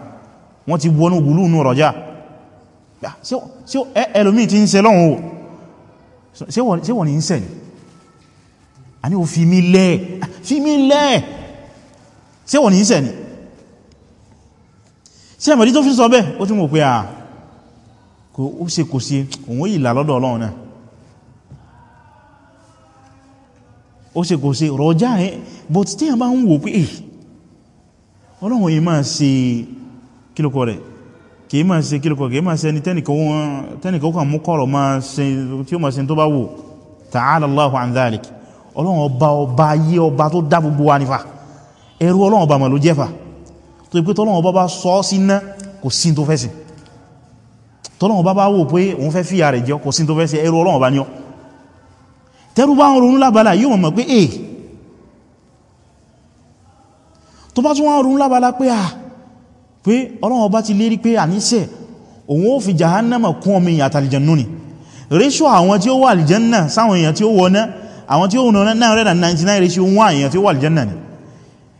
wọ́n ti wọnú gùlú inú rọjá sí ẹlòmí ti ń ṣe lọ́wọ́ sí wọ́n ni ń ṣe ni a ní o fi mí lẹ́ fi mí lẹ́ sí wọ́n ni ń ṣe ni sí ẹmọ̀dí tó fi sọ bẹ́ ó tún mọ̀ pé à kò ó ṣe kò sí òun yìí là lọ́dọ̀ ọlọ́run náà ó ṣe kò sí rọjá ẹ but tí a bá ń wò pé eh, ọlọ́run yìí máa se kílùkọ rẹ̀ kìí máa ṣe kílùkọ kìí máa ṣe ẹni tẹ́nìkọ́ kan mú kọ̀rọ̀ máa ṣe tí ó máa ṣe tó bá wù ta'ala Allahu an dhalik ọlọ́run ọba ọba ayé ọba tó dá gbogbo wa nífà ẹrú ọlọ́run ọba mà ló jẹ́fà tó ipé tọ́lọ́run ọba bá sọ sí ná kò sí tó fẹ́ sí tọ́lọ́run ọba bá wò pé òun fẹ́ fìyà rẹ̀ jẹ́ kò sí tó fẹ́ sí ẹrú ọlọ́run ọba ni ọ tẹ́rú bá ń ronú lábala yóò mọ̀ pé eh tó bá tún wọ́n ronú lábala pé ah pé ọlọ́run ọba ti lérí pé àníṣẹ́ òun ó fi jahannama kún ọmọ èèyàn àtàlìjẹ̀nú ni ratio àwọn tí ó wà àlìjẹ́nà sáwọn èèyàn tí ó wọná àwọn tí ó wọná 999 ratio wọ́n èèyàn tí ó wà àlìjẹ́nà ni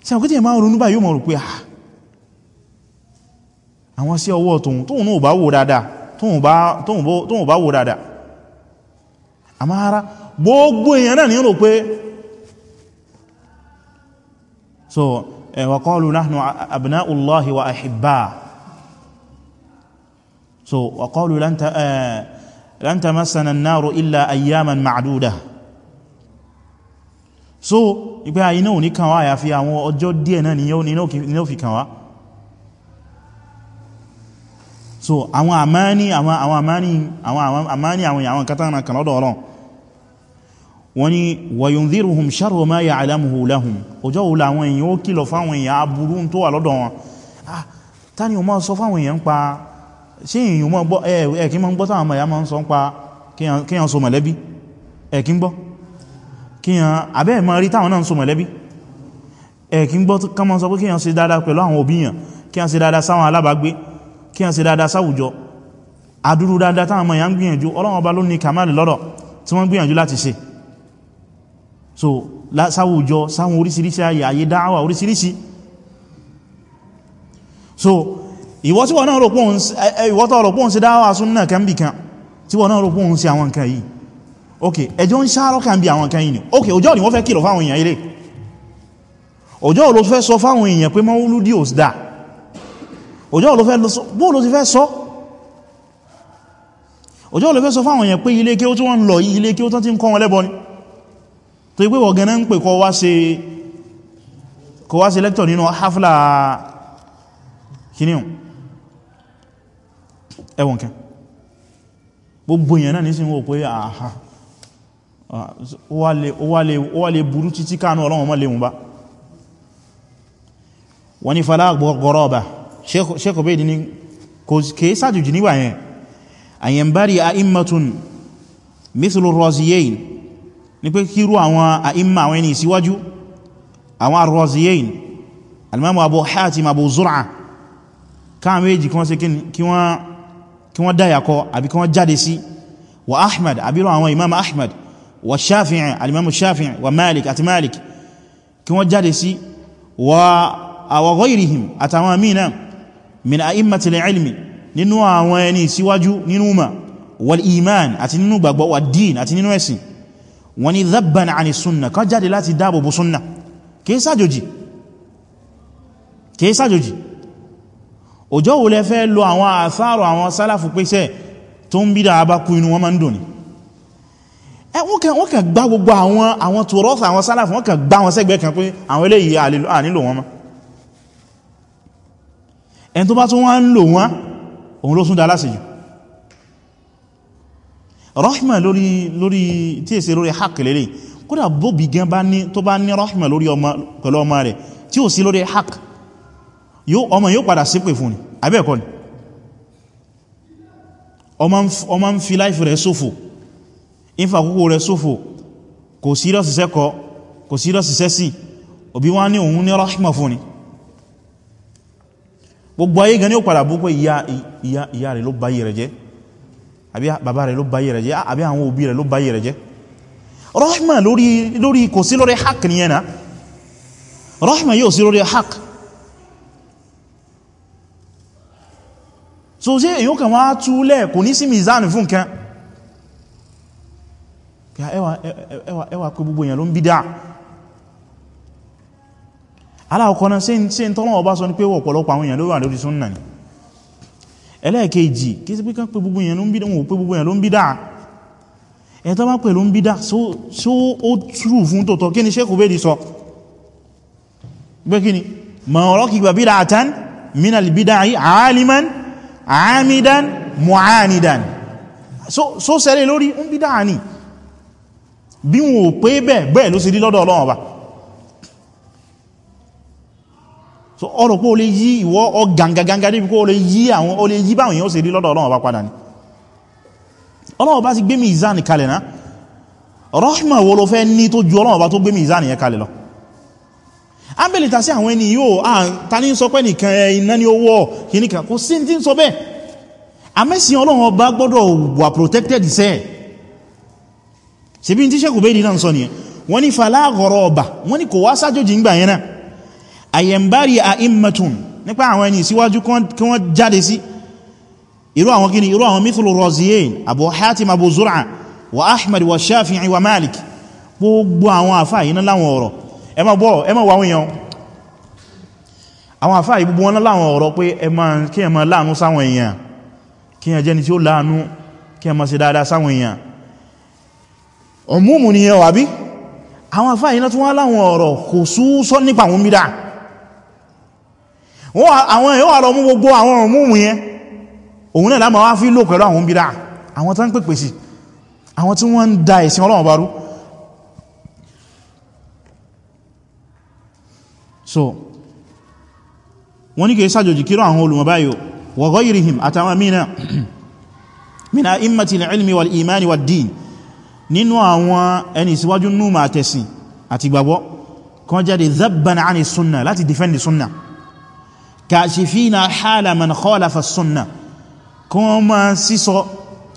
sí àwọn kìtìyàn máa ronú báyìí yóò mọ̀ rò pé ah, àwọn sí ọwọ́ tóun tóun náà bá wò dáadáa tóun bá wò dáadáa àmọ́ ara gbogbo èèyàn náà ní rò pé so وقالوا نحن أبناء الله وأحباء so وقالوا لن لن تمسنا النار إلا أياما معدودة so ìpé àyínà òní kan wá àyàfi àwọn ọjọ́ díẹ̀ náà ni yóò ní ó fi kan so àwọn àmáni àwọn àmáni àwọn àmáni àwọn ìyàwọn kátàrà kan lọ́dọ̀ Ọlọ́run wọ́n ni wàyùndírùhùn ṣarò máa yà alámuhù láhùn ọjọ́ òlà àwọn èèyàn ó kìlọ̀ fáwọn èèyàn aburú tó wà lọ́dọ̀ wọn ah ta ni o máa sọ fáwọn èèyàn pa ṣe èèyàn máa gbọ́ ẹ̀kí máa ń gbọ́ táwọn àmàyà máa ń sọ ń pa kíyàn so mọ̀lẹ́bí ẹ̀kí ń gbọ́ kíyàn abẹ́ máa rí táwọn náà so mọ̀lẹ́bí ẹ̀kí gbọ́ ká máa sọ pé kíyàn ṣe dáadáa pẹ̀lú àwọn òbí yàn kíyàn ṣe dáadáa sáwọn alábàágbé kíyàn ṣe dáadáa sáwùjọ adúrú dáadáa táwọn àmàyà ń gbìyànjú ọlọ́run ọba ló ní kàmáàlì lọ́rọ̀ tí wọ́n gbìyànjú láti ṣe so sáwùjọ sáwọn orísìírísìí ayé ayé dáwà orísìírísìí so ìwọ tí wọ́n náà rọ̀pọ̀ ń ṣe dáwà súnnà kan bí kan tí wọ́n náà rọ̀pọ̀ ń ṣe àwọn kan yìí ok ẹjọ́ ń ṣàárọ̀ kan bí àwọn kan yìí ni ok ọjọ́ ni wọ́n fẹ́ kìlọ̀ fáwọn èèyàn ilé ọjọ́ ló fẹ́ sọ fáwọn èèyàn pé mọ́wúlúdí ò dá ọjọ́ ló fẹ́ sọ bóò ló ti fẹ́ sọ ọjọ́ ló fẹ́ sọ fáwọn èèyàn pé ilé kí ó tí wọ́n ń lọ ilé kí ó tán ti ń kọ́ wọn lẹ́bọ ni tó ipé wọ̀gán náà ń pè kọ wá sí lẹ́kítọ̀ nínú hafla kìníhùn ẹwọ̀n kẹ gbogbo èèyàn náà nísìn wò pé àhà ó wà lè burú títí káànú ọlọ́wọ̀n mọ́ léhùn bá wọ́n ni fàlá gọ́rọ̀ ọba ṣẹ́kọ̀ bẹ́ẹ̀ ní kèé sáàjù jì nígbà yẹn àyẹ̀mbárí àìmọ̀tún mithlu raziyayn ní pé kírú àwọn àìmà àwọn ẹni síwájú àwọn arroziyain alimamu abu hatim abu zura káà méjì kí wọ́n ṣe kí wọ́n dáyàkọ́ àbí kí wọ́n jáde sí wa ahmad àbírò àwọn imam ahmad wa shafi'i alimamu shafi'i wa malik àti malik kí wọ́n jáde sí wa ghairihim àtàwọn amina min a'immatil ilmi nínú àwọn ẹni síwájú nínú ma wal iman àti nínú gbàgbọ́ wa din àti nínú ẹ̀sìn wọ́n ni dhabban àni súnnà kan jáde láti dáàbòbò súnnà kìí ṣàjòjì kìí ṣàjòjì òjò wo lẹ fẹ́ lo àwọn àsáàrò àwọn sálàfù pèsè tó ń bídà abákú inú wọn máa ń dùn ní ẹ wọ́n kàn gbá gbogbo àwọn àwọn tòrọ́fà àwọn sálàfù wọ́n kàn gbá wọn sẹ́gbẹ́ kan pé àwọn eléyìí ànílò wọn mọ́ ẹni tó bá tún wá ń lò wọn òun ló tún dá lásìjù rahma lórí lórí tí èsè lórí haqq lélẹ̀ kódà bóbi gan bá ní tó bá ní rahma lórí ọmọ pẹ̀lú ọmọ rẹ̀ tí ó sí lórí haqq ọmọ yóò padà sípè fún ni abẹ́ẹ̀kọ́ ni ọmọ ń fi láìfì rẹ̀ sófò ìfàkókò rẹ̀ sófò kò sí lọ́sìsẹ́ kọ kò sí lọ́sìsẹ́ sí òbí wá ní òun ní rahma fún ni gbogbo ayé gan ni ó padà bú pé ìyá rẹ̀ ló báyé rẹ̀ jẹ́ àbí bàbá rẹ̀ ló báyé rẹ̀ jẹ́ àbí àwọn òbí rẹ̀ ló báyé rẹ̀ jẹ́ rahma lórí lórí kò sí lórí haq ní ẹ̀nà rahma yóò sí lórí haq so ṣe èyàn kan wá túlẹ̀ kò ní sí mizan fún kan ẹwà pé gbogbo èyàn ló ń bídá aláàkọ́ náà ṣe ń tọ́lọ́wọ́ bá sọ ní pé ọ̀pọ̀lọpọ̀ àwọn èyàn ló wà lórí súnnà ni ẹlẹ́ẹ̀kejì kí sí pé kán pé gbogbo èèyàn ló ń bídá wọn ò pé gbogbo èèyàn ló ń bídá ẹ̀ tó bá pè ló ń bídá so ó true fún tòótọ́ kí ni sẹ́kù bèèrè sọ gbé kí ni ma ọ̀rọ̀ kí gbà bídá àtán minal bídá yí aliman amidan so ọ̀rọ̀ pé o lè yí ìwọ ọ̀gàngàgàngà níbi kó o lè yí àwọn o lè yí báwọn èèyàn ó ṣe rí lọ́dọ̀ Ọlọ́run bá padà ní Ọlọ́run bá sì gbé mizan kalẹ̀ náà rahma wo ló fẹ́ ní tó ju Ọlọ́run bá tó gbé mizan yẹn kalẹ̀ lọ ábẹ̀lẹ̀ ta sí àwọn ẹni yóò ta ní sọ pé protected sẹ́ ṣe bí n tí sẹ́kù bẹ́ẹ̀ ní náà sọ nìyẹn wọ́n ní falá àyẹ̀mbárí àìmọ̀tún nípa àwọn ẹni síwájú kí wọ́n jáde sí irú àwọn kíni irú àwọn mithlu Raziyayn Abu Hatim Abu Zur'a wa Ahmad wa Shafi'i wa Malik gbogbo àwọn àfáà yìí láwọn ọ̀rọ̀ ẹ ma bọ́ ẹ ma wà wíyan àwọn àfáà yìí gbogbo wọn láwọn ọ̀rọ̀ pé ẹ kí ẹ láàánú sáwọn èèyàn kí ẹ jẹ́ni tí ó láàánú kí ẹ ma dáadáa sáwọn èèyàn ọmúmù ni ẹ bí àwọn àfáà yìí náà tún láwọn ọ̀rọ̀ kò súúsọ́ nípa àwọn mídà àwọn èèyàn wà lọ mú gbogbo àwọn ọ̀rùn múmù yẹn òun náà lámà wá fi lò pẹ̀lú àwọn bídá àwọn tán pèpè sí àwọn tí wọ́n ń da ẹ̀sìn ọlọ́run barú so wọ́n ní kìí sàjòjì kíró àwọn wa ghayrihim àtàwọn mìíràn min a'immatil ilmi wal imani wad din nínú àwọn ẹni síwájú númà àtẹ̀sìn àti gbàgbọ́ defend sunna kashifina hala man khalafa sunna kọ́n ma sísọ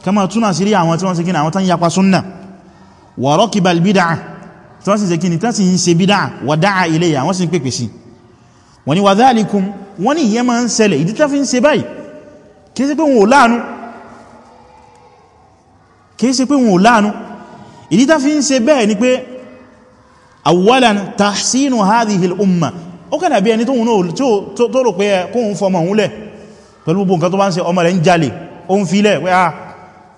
kama túnà sí rí àwọn tí wọ́n ṣe kíni àwọn tán yapa sunna wa raqibal bid'ah tí wọ́n sì ṣe kíni tán sì ń ṣe bid'ah wa da'a ilayha wọ́n sì ń pèpè sí wọ́n ni wa dhalikum wọ́n ni ìyẹn ma ń ṣẹlẹ̀ ìdí tá fi ń ṣe báyìí kìí ó kẹ́ dàbí ẹni tó rò pé kóhun fọmọ òun lẹ̀ pẹ̀lú gbogbo nǹkan tó bá ń ṣe ọmọ rẹ̀ ń jalè ó ń filẹ̀ pé ah,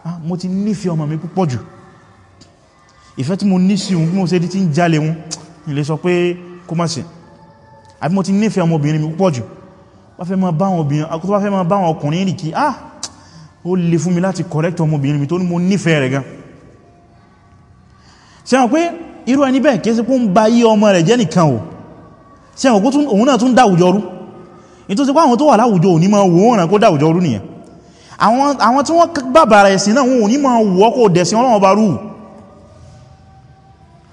ah mo ti nífẹ̀ẹ́ ọmọ mi púpọ̀ jù ìfẹ́ tí mo ní sí òun bí mo ṣe di ti wọn pé ah ó le fún mi mo nífẹ̀ẹ́ rẹ̀ gan ṣe wọn pé irú ẹni bẹ́ẹ̀ kí é sí pé ń yí ọmọ rẹ̀ jẹ́ nìkan o sí àwọn òun náà tún dáwùjọrú ní tó sí pàwọn tó wà láwùjọ òní ma wò wọ́n kó dáwùjọrú nìyẹn àwọn tí wọ́n bàbàrà ẹ̀sìn náà wọ́n òní ma wọ́ kó dẹ̀sìn Ọlọ́run bá rú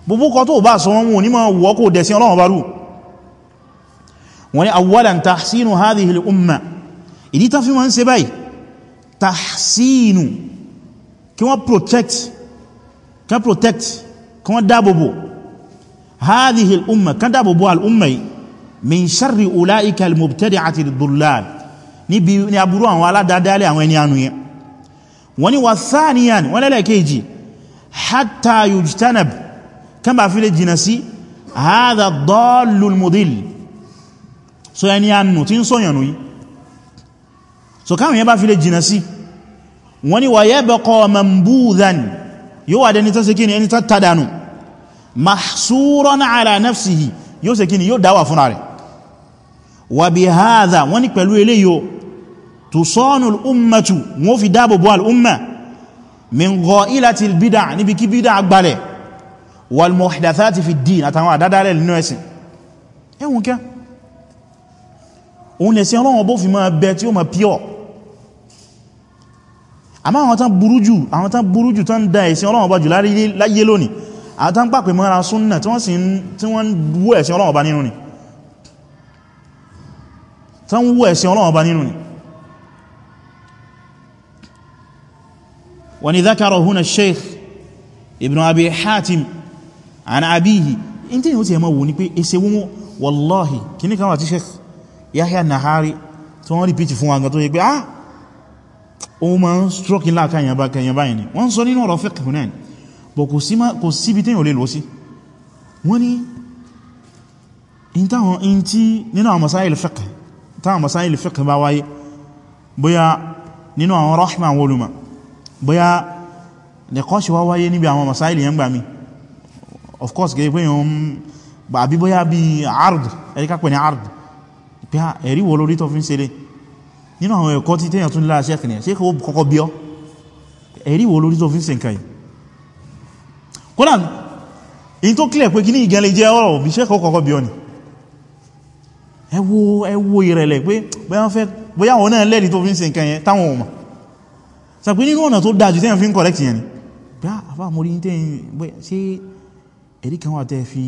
gbogbo kọ tó bá sọ wọn òní ma wọ́ kó dẹ̀sìn Ọlọ́run bá rú wọ́n ni awwalan tahsinu hadhihi al-umma ìdí tá fi ma ń ṣe tahsinu kí wọ́n protect kí protect kí wọ́n hadhihi al-umma kan dáàbòbò al-umma yìí min sharri ulaika al-mubtadi'ati ad-dullal níbi ní aburú àwọn aládádálẹ̀ àwọn ẹni anu yẹn wọ́n ni wà thaniyan wọ́n lẹ́lẹ́kẹ́jì hatta yujtanab kan bá fi lè jìnà sí hadha ad-dallu al-mudil so ẹni anu tí ń sọ́yànú yìí so káwọn yẹn bá fi lè jìnà sí wọ́n yabqa mambudhan yóò wà dẹni tó ni ẹni tó mahsuran ala nafsihi yóò ṣe kí ni yóò dáwà wa bi hadha wọ́n ní pẹ̀lú eléyò tusọ́nù al'ummatu wọ́n fi dáàbò bọ́ al'umma min gha'ilati al-bid'a níbi kí bídá gbalẹ̀ wal muhdathati fi ad-din àtàwọn àdádálẹ̀ nínú ẹ̀sìn ẹwùn kẹ́ òun lẹ̀sìn ọlọ́wọ́ bó fi máa bẹ tí ó máa pure àmá àwọn tán burú jù àwọn tán burú jù tán da ẹ̀sìn ọlọ́wọ́ bá jù láyé lónìí àwọn tán pàpè mọ́ra súnnà tí wọ́n ń wú ẹ̀sìn ọlọ́wọ́ bá nínú ni tán wú ẹ̀sìn Ọlọ́run bá nínú ni wani zakara huna sheikh ibn abi hatim an abihi in tí yíò ti ẹmọ wò ní pé ẹsẹ wọn wallahi kìní kan wà tí sheikh yahya nahari tí wọ́n rí pìtì fún wa gan tó yẹ pé ah o ma ń stroke ńlá kanyaba kanyaba yìí ni wọ́n sọ nínú ọ̀rọ̀ fiqh náà bọ̀ kò síbi tí yíò lè lọ sí wọ́n ni in táwọn in tí nínú àwọn masáyìl fiqh táwọn masáyìlì fiqh bá wáyé bóyá nínú àwọn rahma àwọn olùmọ̀ bóyá nìkọ́ṣì wá wáyé níbi àwọn masáyìlì yẹn gbà of course gẹ́gẹ́ pé yàn àbí bóyá bí ard ẹ̀ríkà pẹ̀ ní ard pé ẹ̀rí wo lórí tó fi ń ṣeré nínú àwọn ẹ̀kọ́ tí téèyàn tún lára ṣẹ́kì ní ṣe kó kọ́kọ́ bí ọ́ ẹ̀rí wo lórí tó fi ń ṣe nǹkan yìí kódà in tó clear pé kí ní ìgẹ́lẹ̀ jẹ́ ọ̀rọ̀ bí ṣẹ́kọ̀ọ́ kọ́kọ́ bí ọ́ ni ẹ wo ẹ wo ìrẹ̀lẹ̀ pé bóyá wọn náà lẹ́rìí tó fi ń ṣe nǹkan yẹn táwọn ọmọ sàpé nínú ọ̀nà tó dájú tẹ́yàn fi ń correct yẹn ni bí ah, àfá mo rí tẹ́yìn bóyá sí ẹ̀rí kan wà tẹ́ fi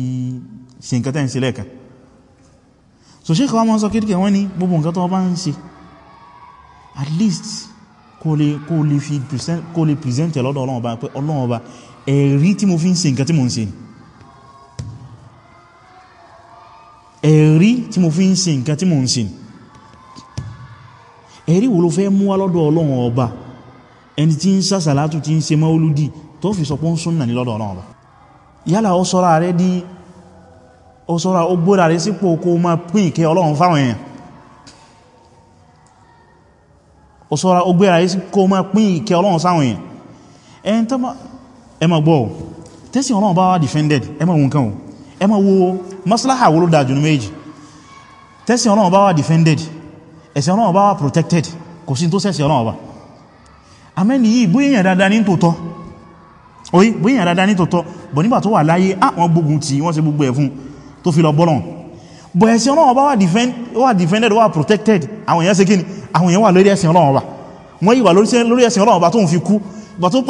ṣe nǹkan tẹ́yìn sí lẹ́ẹ̀kan so ṣe kọwa mọ́ sọ kíríkẹ̀ wọ́n ní gbogbo nǹkan tó bá ń ṣe at least kó lè kó lè fi present kó present ẹ̀ lọ́dọ̀ ọlọ́run ọba pé ọlọ́run ọba ẹ̀rí tí mo fi ń ṣe nǹkan tí mo ń ṣe ni ẹ̀rí tí mo fi ń sin nǹkan tí mo ń sin ẹ̀rí wo ló fẹ́ mú wá lọ́dọ̀ ọlọ́run ọba ẹni tí ń sàṣàlátù tí ń ṣe máúlúdì tó fi sọ pé ń súnnà ní lọ́dọ̀ ọlọ́run ọba yálà ó sọ́ra rẹ̀ di ó sọ́ra ó gbóra rẹ̀ sípò kó máa pín ìkẹ́ ọlọ́run fáwọn èèyàn ó sọ́ra ó gbéra rẹ̀ sípò kó máa pín ìkẹ́ ọlọ́run sáwọn èèyàn ẹni tó ẹ máa gbọ́ tẹ́sí ọlọ́run bá wá defended ẹ máa wọn kan o ẹ wo maslaha wo ló dáa jùlọ méjì tẹ́sí ọlọ́run bá wà defended ẹ̀sìn ọlọ́run bá wà protected kò sí tó sẹ́sì ọlọ́run bá amẹ́ni yìí bóyá èèyàn dáadáa ní tòótọ́ oye bóyá èèyàn dáadáa ní tòótọ́ bọ̀ nígbà tó wà láyé àwọn gbógun tí wọ́n ṣe gbogbo ẹ̀ fún tó fi lọ bọ́lọ̀n defended wà protected àwọn èèyàn ṣe kí ni àwọn èèyàn wà lórí ẹ̀sìn ọlọ́run bá wọ́n yìí wà lórí ẹ̀sìn ọlọ́run bá tó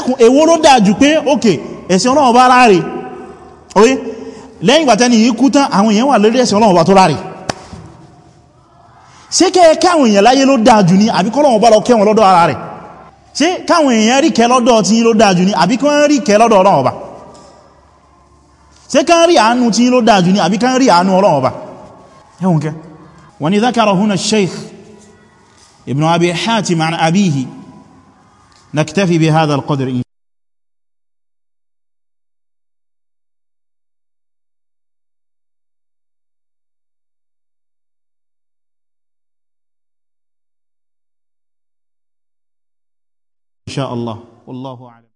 ẹ̀dàkùn èwo ló dájú pé òkè ẹ̀sìn ọlọ́run bá ráre oye lẹ́yìn ìgbà tẹ́ni yìí kú tán àwọn èèyàn wà lórí ẹ̀sìn ọlọ́run bá tó ráre ṣé kẹ́ káwọn èèyàn láyé ló dájú ní àbí kọ́lọ̀wọ̀n bá lọ kẹ́ wọn lọ́dọ̀ ara rẹ̀ ṣé káwọn èèyàn rí kẹ́ lọ́dọ̀ tí ló dájú ní àbí kán rí kẹ́ lọ́dọ̀ Ọlọ́run Ọba ṣé kán rí àánú tí ló dájú ní àbí kán rí àánú Ọlọ́run Ọba ẹ̀hùn kẹ́ wọ́n ni zakara huna ibn abi hatim abihi نكتفي بهذا القدر إن شاء الله والله أعلم